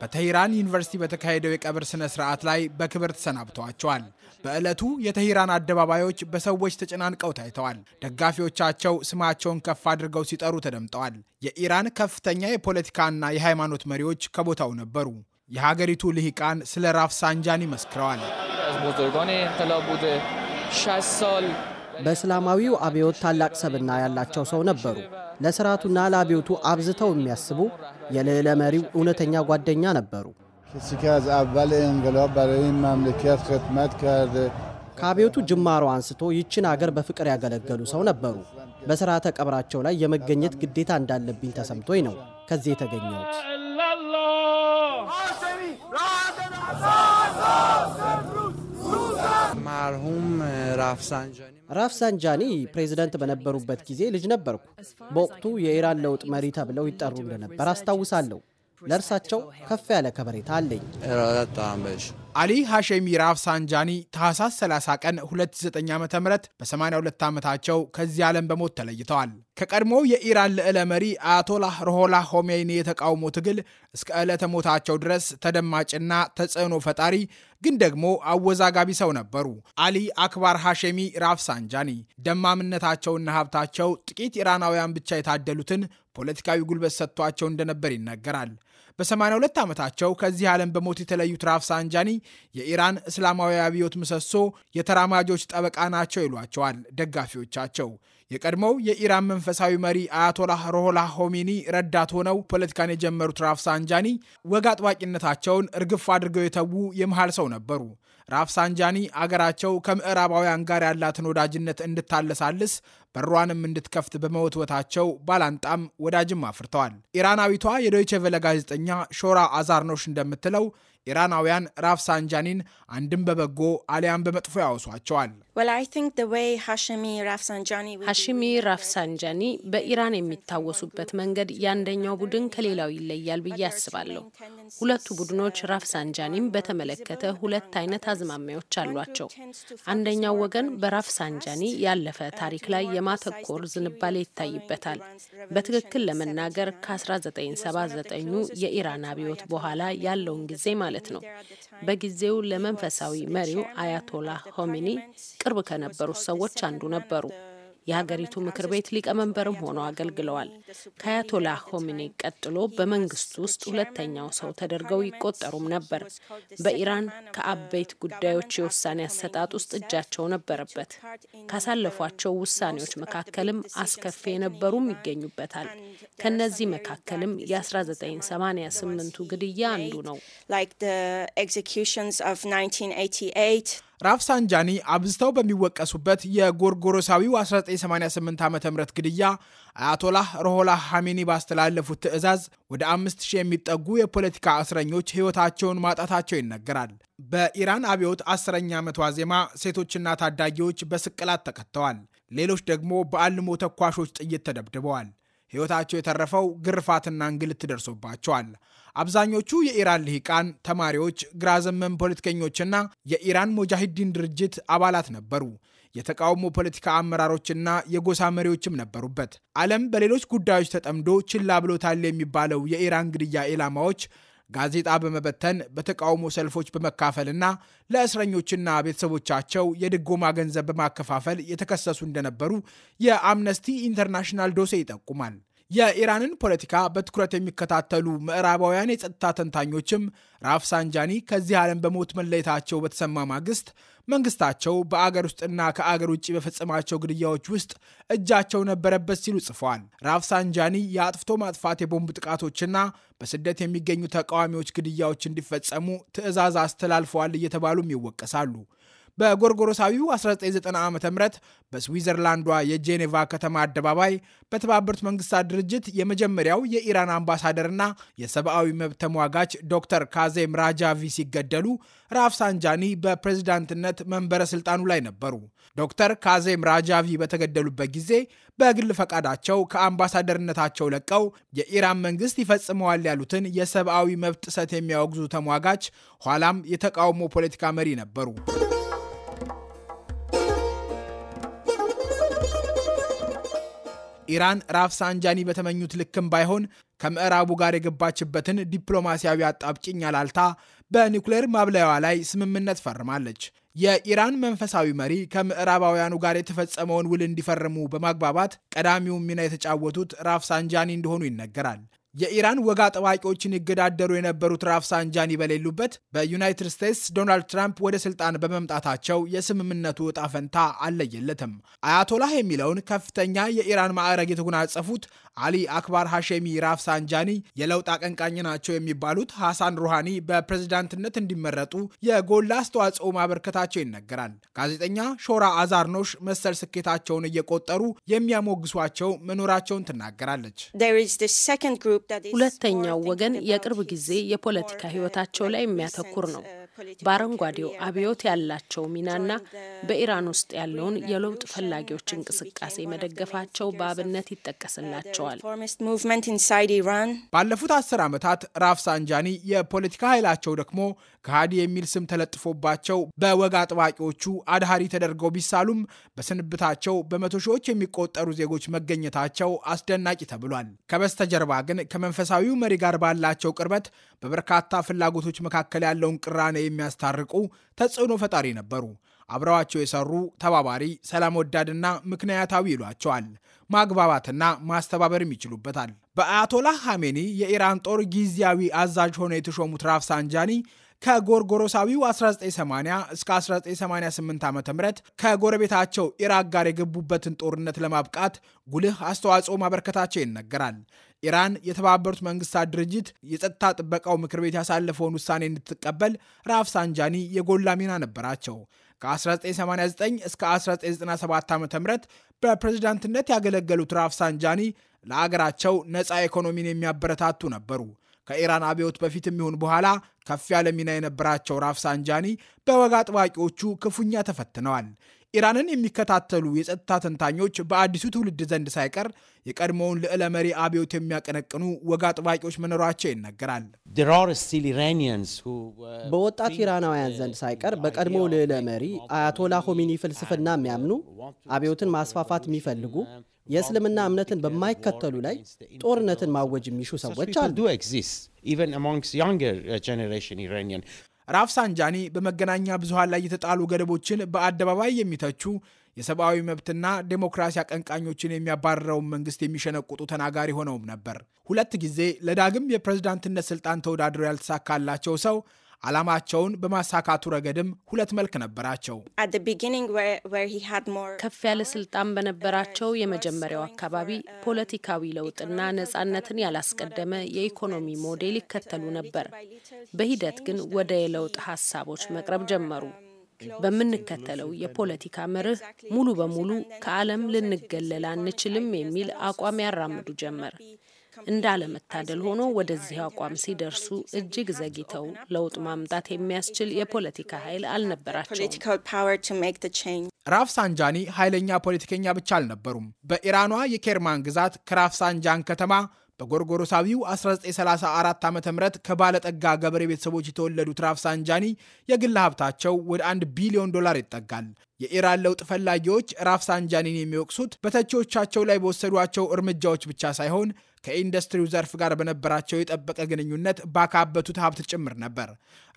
በተህራን ዩኒቨርሲቲ በተካሄደው የቀብር ስነ ስርዓት ላይ በክብር ተሰናብተዋቸዋል። በዕለቱ የተህራን አደባባዮች በሰዎች ተጨናንቀው ታይተዋል። ደጋፊዎቻቸው ስማቸውን ከፍ አድርገው ሲጠሩ ተደምጠዋል። የኢራን ከፍተኛ የፖለቲካና የሃይማኖት መሪዎች ከቦታው ነበሩ። የሀገሪቱ ልሂቃን ስለ ራፍሳንጃኒ መስክረዋል። በእስላማዊው አብዮት ታላቅ ሰብና ያላቸው ሰው ነበሩ። ለስርዓቱና ለአብዮቱ አብዝተው የሚያስቡ የልዕለ መሪው እውነተኛ ጓደኛ ነበሩ። ከአብዮቱ ጅማሮ አንስቶ ይችን አገር በፍቅር ያገለገሉ ሰው ነበሩ። በሥርዓተ ቀብራቸው ላይ የመገኘት ግዴታ እንዳለብኝ ተሰምቶኝ ነው ከዚህ የተገኘሁት። ራፍሳንጃኒ ራፍሳንጃኒ ፕሬዝደንት በነበሩበት ጊዜ ልጅ ነበርኩ። በወቅቱ የኢራን ለውጥ መሪ ተብለው ይጠሩ እንደነበር አስታውሳለሁ። ለእርሳቸው ከፍ ያለ ከበሬታ አለኝ። አሊ ራፍ ራፍሳንጃኒ ታህሳስ 30 ቀን 29 ዓ ም በ82 ዓመታቸው ከዚህ ዓለም በሞት ተለይተዋል። ከቀድሞው የኢራን ልዕለ መሪ አያቶላህ ሮሆላ ሆሜኒ የተቃውሞ ትግል እስከ ዕለተ ሞታቸው ድረስ ተደማጭና ተጽዕኖ ፈጣሪ ግን ደግሞ አወዛጋቢ ሰው ነበሩ። አሊ አክባር ሃሼሚ ራፍሳንጃኒ ደማምነታቸውና ሀብታቸው ጥቂት ኢራናውያን ብቻ የታደሉትን ፖለቲካዊ ጉልበት ሰጥቷቸው እንደነበር ይነገራል። በ82 ዓመታቸው ከዚህ ዓለም በሞት የተለዩት ራፍሳንጃኒ የኢራን እስላማዊ አብዮት ምሰሶ የተራማጆች ጠበቃ ናቸው ይሏቸዋል ደጋፊዎቻቸው። የቀድሞው የኢራን መንፈሳዊ መሪ አያቶላህ ሮሆላ ሆሚኒ ረዳት ሆነው ፖለቲካን የጀመሩት ራፍሳንጃኒ ወግ አጥባቂነታቸውን እርግፍ አድርገው የተዉ የመሃል ሰው ነበሩ። ራፍሳንጃኒ አገራቸው ከምዕራባውያን ጋር ያላትን ወዳጅነት እንድታለሳልስ በሯንም እንድትከፍት በመወትወታቸው ባላንጣም ወዳጅም አፍርተዋል። ኢራናዊቷ የዶይቼ ቬለ ጋዜጠኛ ሾራ አዛርኖሽ እንደምትለው ኢራናውያን ራፍሳንጃኒን አንድም በበጎ አሊያም በመጥፎ ያወሷቸዋል። ሀሽሚ ራፍሳንጃኒ በኢራን የሚታወሱበት መንገድ የአንደኛው ቡድን ከሌላው ይለያል ብዬ አስባለሁ። ሁለቱ ቡድኖች ራፍሳንጃኒም በተመለከተ ሁለት አይነት አዝማሚያዎች አሏቸው። አንደኛው ወገን በራፍሳንጃኒ uh, ያለፈ ታሪክ ላይ የማተኮር ዝንባሌ ይታይበታል። በትክክል ለመናገር uh, ከ1979ኙ የኢራን አብዮት በኋላ ያለውን ጊዜ ማለት ነው። በጊዜው ለመንፈሳዊ መሪው አያቶላህ ሆሚኒ ቅርብ ከነበሩት ሰዎች አንዱ ነበሩ። የሀገሪቱ ምክር ቤት ሊቀመንበርም ሆነው አገልግለዋል። ከአያቶላ ሆሚኒ ቀጥሎ በመንግስት ውስጥ ሁለተኛው ሰው ተደርገው ይቆጠሩም ነበር። በኢራን ከአበይት ጉዳዮች የውሳኔ አሰጣጥ ውስጥ እጃቸው ነበረበት። ካሳለፏቸው ውሳኔዎች መካከልም አስከፊ የነበሩም ይገኙበታል። ከነዚህ መካከልም የ1988ቱ ግድያ አንዱ ነው። ራፍሳንጃኒ አብዝተው በሚወቀሱበት የጎርጎሮሳዊው 1988 ዓ ም ግድያ አያቶላህ ሮሆላ ሐሚኒ ባስተላለፉት ትዕዛዝ ወደ 5000 የሚጠጉ የፖለቲካ እስረኞች ሕይወታቸውን ማጣታቸው ይነገራል። በኢራን አብዮት አስረኛ ዓመት ዋዜማ ሴቶችና ታዳጊዎች በስቅላት ተቀጥተዋል። ሌሎች ደግሞ በአልሞ ተኳሾች ጥይት ተደብድበዋል። ሕይወታቸው የተረፈው ግርፋትና እንግልት ደርሶባቸዋል። አብዛኞቹ የኢራን ልሂቃን፣ ተማሪዎች፣ ግራ ዘመም ፖለቲከኞችና የኢራን ሞጃሂዲን ድርጅት አባላት ነበሩ። የተቃውሞ ፖለቲካ አመራሮችና የጎሳ መሪዎችም ነበሩበት። ዓለም በሌሎች ጉዳዮች ተጠምዶ ችላ ብሎታል የሚባለው የኢራን ግድያ ኢላማዎች ጋዜጣ በመበተን በተቃውሞ ሰልፎች በመካፈልና ለእስረኞችና ቤተሰቦቻቸው የድጎማ ገንዘብ በማከፋፈል የተከሰሱ እንደነበሩ የአምነስቲ ኢንተርናሽናል ዶሴ ይጠቁማል። የኢራንን ፖለቲካ በትኩረት የሚከታተሉ ምዕራባውያን የጸጥታ ተንታኞችም ራፍሳንጃኒ ከዚህ ዓለም በሞት መለየታቸው በተሰማ ማግስት መንግስታቸው በአገር ውስጥና ከአገር ውጭ በፈጸማቸው ግድያዎች ውስጥ እጃቸው ነበረበት ሲሉ ጽፏል። ራፍሳንጃኒ የአጥፍቶ ማጥፋት የቦምብ ጥቃቶችና በስደት የሚገኙ ተቃዋሚዎች ግድያዎች እንዲፈጸሙ ትዕዛዝ አስተላልፈዋል እየተባሉም ይወቀሳሉ። በጎርጎሮሳዊው 1990 ዓ ም በስዊዘርላንዷ የጄኔቫ ከተማ አደባባይ በተባበሩት መንግስታት ድርጅት የመጀመሪያው የኢራን አምባሳደርና የሰብአዊ መብት ተሟጋች ዶክተር ካዜም ራጃቪ ሲገደሉ ራፍሳንጃኒ በፕሬዝዳንትነት መንበረ ስልጣኑ ላይ ነበሩ። ዶክተር ካዜም ራጃቪ በተገደሉበት ጊዜ በግል ፈቃዳቸው ከአምባሳደርነታቸው ለቀው የኢራን መንግስት ይፈጽመዋል ያሉትን የሰብአዊ መብት ጥሰት የሚያወግዙ ተሟጋች ኋላም የተቃውሞ ፖለቲካ መሪ ነበሩ። ኢራን ራፍሳንጃኒ በተመኙት ልክም ባይሆን ከምዕራቡ ጋር የገባችበትን ዲፕሎማሲያዊ አጣብቂኝ አላልታ በኒውክሌር ማብለያዋ ላይ ስምምነት ፈርማለች። የኢራን መንፈሳዊ መሪ ከምዕራባውያኑ ጋር የተፈጸመውን ውል እንዲፈርሙ በማግባባት ቀዳሚውን ሚና የተጫወቱት ራፍሳንጃኒ እንደሆኑ ይነገራል። የኢራን ወግ አጥባቂዎችን ይገዳደሩ የነበሩት ራፍሳንጃኒ በሌሉበት በዩናይትድ ስቴትስ ዶናልድ ትራምፕ ወደ ስልጣን በመምጣታቸው የስምምነቱ እጣ ፈንታ አለየለትም። አያቶላህ የሚለውን ከፍተኛ የኢራን ማዕረግ የተጎናጸፉት አሊ አክባር ሐሼሚ ራፍሳንጃኒ የለውጥ አቀንቃኝ ናቸው የሚባሉት ሐሳን ሩሃኒ በፕሬዝዳንትነት እንዲመረጡ የጎላ አስተዋጽኦ ማበርከታቸው ይነገራል። ጋዜጠኛ ሾራ አዛርኖሽ መሰል ስኬታቸውን እየቆጠሩ የሚያሞግሷቸው መኖራቸውን ትናገራለች። ሁለተኛው ወገን የቅርብ ጊዜ የፖለቲካ uh, ህይወታቸው ላይ የሚያተኩር ነው። uh, በአረንጓዴው አብዮት ያላቸው ሚናና በኢራን ውስጥ ያለውን የለውጥ ፈላጊዎች እንቅስቃሴ መደገፋቸው በአብነት ይጠቀስላቸዋል። ባለፉት አስር ዓመታት ራፍሳንጃኒ የፖለቲካ ኃይላቸው ደግሞ ከሃዲ የሚል ስም ተለጥፎባቸው በወግ አጥባቂዎቹ አድሃሪ ተደርገው ቢሳሉም በስንብታቸው በመቶ ሺዎች የሚቆጠሩ ዜጎች መገኘታቸው አስደናቂ ተብሏል። ከበስተጀርባ ግን ከመንፈሳዊው መሪ ጋር ባላቸው ቅርበት በበርካታ ፍላጎቶች መካከል ያለውን ቅራኔ የሚያስታርቁ ተጽዕኖ ፈጣሪ ነበሩ። አብረዋቸው የሰሩ ተባባሪ፣ ሰላም ወዳድና ምክንያታዊ ይሏቸዋል። ማግባባትና ማስተባበርም ይችሉበታል። በአያቶላህ ሐሜኒ የኢራን ጦር ጊዜያዊ አዛዥ ሆነው የተሾሙት ራፍሳንጃኒ ከጎርጎሮሳዊው 1980 እስከ 1988 ዓ ም ከጎረቤታቸው ኢራቅ ጋር የገቡበትን ጦርነት ለማብቃት ጉልህ አስተዋጽኦ ማበርከታቸው ይነገራል። ኢራን የተባበሩት መንግስታት ድርጅት የጸጥታ ጥበቃው ምክር ቤት ያሳለፈውን ውሳኔ እንድትቀበል ራፍሳንጃኒ የጎላ ሚና ነበራቸው። ከ1989 እስከ 1997 ዓ ም በፕሬዝዳንትነት ያገለገሉት ራፍሳንጃኒ ለአገራቸው ነፃ ኢኮኖሚን የሚያበረታቱ ነበሩ። ከኢራን አብዮት በፊት የሚሆን በኋላ ከፍ ያለ ሚና የነበራቸው ራፍሳንጃኒ በወግ አጥባቂዎቹ ክፉኛ ተፈትነዋል። ኢራንን የሚከታተሉ የጸጥታ ተንታኞች በአዲሱ ትውልድ ዘንድ ሳይቀር የቀድሞውን ልዕለ መሪ አብዮት የሚያቀነቅኑ ወግ አጥባቂዎች መኖራቸው ይነገራል። uh, በወጣት ኢራናውያን ዘንድ ሳይቀር በቀድሞው ልዕለ መሪ አያቶላ ሆሚኒ ፍልስፍና የሚያምኑ አብዮትን ማስፋፋት የሚፈልጉ የእስልምና እምነትን በማይከተሉ ላይ ጦርነትን ማወጅ የሚሹ ሰዎች አሉ። ራፍሳንጃኒ በመገናኛ ብዙሃን ላይ የተጣሉ ገደቦችን በአደባባይ የሚተቹ የሰብአዊ መብትና ዴሞክራሲ አቀንቃኞችን የሚያባረረውን መንግስት የሚሸነቁጡ ተናጋሪ ሆነውም ነበር። ሁለት ጊዜ ለዳግም የፕሬዝዳንትነት ስልጣን ተወዳድረው ያልተሳካላቸው ሰው ዓላማቸውን በማሳካቱ ረገድም ሁለት መልክ ነበራቸው። ከፍ ያለ ስልጣን በነበራቸው የመጀመሪያው አካባቢ ፖለቲካዊ ለውጥና ነጻነትን ያላስቀደመ የኢኮኖሚ ሞዴል ይከተሉ ነበር። በሂደት ግን ወደ የለውጥ ሀሳቦች መቅረብ ጀመሩ። በምንከተለው የፖለቲካ መርህ ሙሉ በሙሉ ከዓለም ልንገለል አንችልም የሚል አቋም ያራምዱ ጀመር። እንዳለመታደል ሆኖ ወደዚህ አቋም ሲደርሱ እጅግ ዘግይተው ለውጥ ማምጣት የሚያስችል የፖለቲካ ኃይል አልነበራቸውም። ራፍሳንጃኒ ኃይለኛ ፖለቲከኛ ብቻ አልነበሩም። በኢራኗ የኬርማን ግዛት ከራፍሳንጃን ከተማ በጎርጎሮሳዊው 1934 ዓ ም ከባለጠጋ ገበሬ ቤተሰቦች የተወለዱት ራፍሳንጃኒ የግል ሀብታቸው ወደ 1 ቢሊዮን ዶላር ይጠጋል። የኢራን ለውጥ ፈላጊዎች ራፍሳንጃኒን የሚወቅሱት በተቺዎቻቸው ላይ በወሰዷቸው እርምጃዎች ብቻ ሳይሆን ከኢንዱስትሪው ዘርፍ ጋር በነበራቸው የጠበቀ ግንኙነት ባካበቱት ሀብት ጭምር ነበር።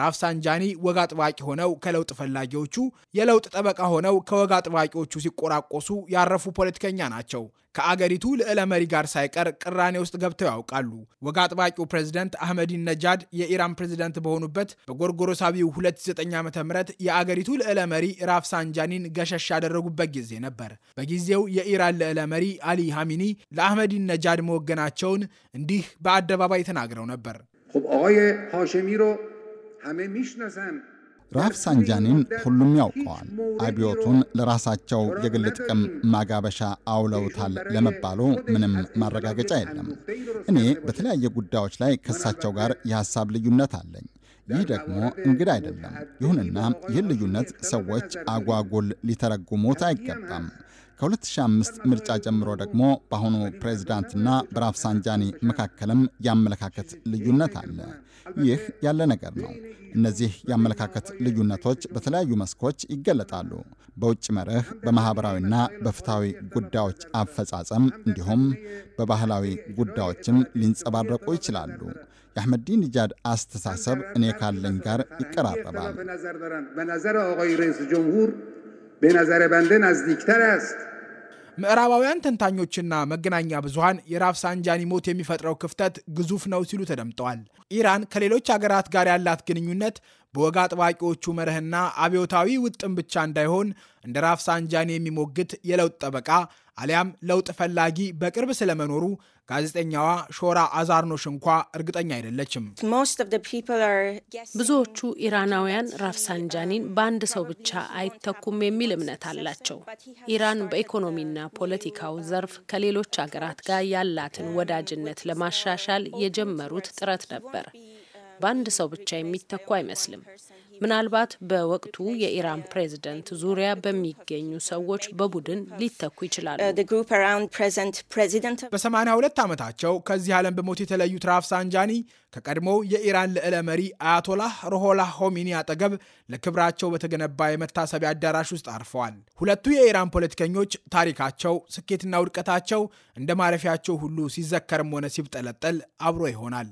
ራፍሳንጃኒ ወግ አጥባቂ ሆነው ከለውጥ ፈላጊዎቹ፣ የለውጥ ጠበቃ ሆነው ከወግ አጥባቂዎቹ ሲቆራቆሱ ያረፉ ፖለቲከኛ ናቸው። ከአገሪቱ ልዕለ መሪ ጋር ሳይቀር ቅራኔ ውስጥ ገብተው ያውቃሉ። ወግ አጥባቂው ፕሬዝደንት አህመዲን ነጃድ የኢራን ፕሬዝደንት በሆኑበት በጎርጎሮሳቢው 29 ዓ ም የአገሪቱ ልዕለ መሪ ራፍሳንጃኒን ገሸሽ ያደረጉበት ጊዜ ነበር። በጊዜው የኢራን ልዕለ መሪ አሊ ሐሚኒ ለአህመዲን ነጃድ መወገናቸውን እንዲህ በአደባባይ ተናግረው ነበር። ራፍ ሳንጃኒን ሁሉም ያውቀዋል። አብዮቱን ለራሳቸው የግል ጥቅም ማጋበሻ አውለውታል ለመባሉ ምንም ማረጋገጫ የለም። እኔ በተለያየ ጉዳዮች ላይ ከእሳቸው ጋር የሐሳብ ልዩነት አለኝ። ይህ ደግሞ እንግዳ አይደለም። ይሁንና ይህን ልዩነት ሰዎች አጓጉል ሊተረጉሙት አይገባም። ከ2005 ምርጫ ጀምሮ ደግሞ በአሁኑ ፕሬዚዳንትና በራፍሳንጃኒ መካከልም የአመለካከት ልዩነት አለ። ይህ ያለ ነገር ነው። እነዚህ የአመለካከት ልዩነቶች በተለያዩ መስኮች ይገለጣሉ። በውጭ መርህ፣ በማኅበራዊና በፍትሐዊ ጉዳዮች አፈጻጸም እንዲሁም በባህላዊ ጉዳዮችም ሊንጸባረቁ ይችላሉ። የአሕመዲነጃድ አስተሳሰብ እኔ ካለኝ ጋር ይቀራረባል። به نظر آقای رئیس جمهور به نظر ምዕራባውያን ተንታኞችና መገናኛ ብዙሃን የራፍሳንጃኒ ሞት የሚፈጥረው ክፍተት ግዙፍ ነው ሲሉ ተደምጠዋል። ኢራን ከሌሎች አገራት ጋር ያላት ግንኙነት በወግ አጥባቂዎቹ መርህና አብዮታዊ ውጥን ብቻ እንዳይሆን እንደ ራፍሳንጃኒ የሚሞግት የለውጥ ጠበቃ አሊያም ለውጥ ፈላጊ በቅርብ ስለመኖሩ ጋዜጠኛዋ ሾራ አዛርኖሽ እንኳ እርግጠኛ አይደለችም። ብዙዎቹ ኢራናውያን ራፍሳንጃኒን በአንድ ሰው ብቻ አይተኩም የሚል እምነት አላቸው። ኢራን በኢኮኖሚና ፖለቲካው ዘርፍ ከሌሎች አገራት ጋር ያላትን ወዳጅነት ለማሻሻል የጀመሩት ጥረት ነበር። በአንድ ሰው ብቻ የሚተኩ አይመስልም። ምናልባት በወቅቱ የኢራን ፕሬዝደንት ዙሪያ በሚገኙ ሰዎች በቡድን ሊተኩ ይችላሉ። uh, በ82 ዓመታቸው ከዚህ ዓለም በሞት የተለዩት ራፍሳንጃኒ ከቀድሞ የኢራን ልዕለ መሪ አያቶላህ ሮሆላ ሆሚኒ አጠገብ ለክብራቸው በተገነባ የመታሰቢያ አዳራሽ ውስጥ አርፈዋል። ሁለቱ የኢራን ፖለቲከኞች ታሪካቸው፣ ስኬትና ውድቀታቸው እንደ ማረፊያቸው ሁሉ ሲዘከርም ሆነ ሲብጠለጠል አብሮ ይሆናል።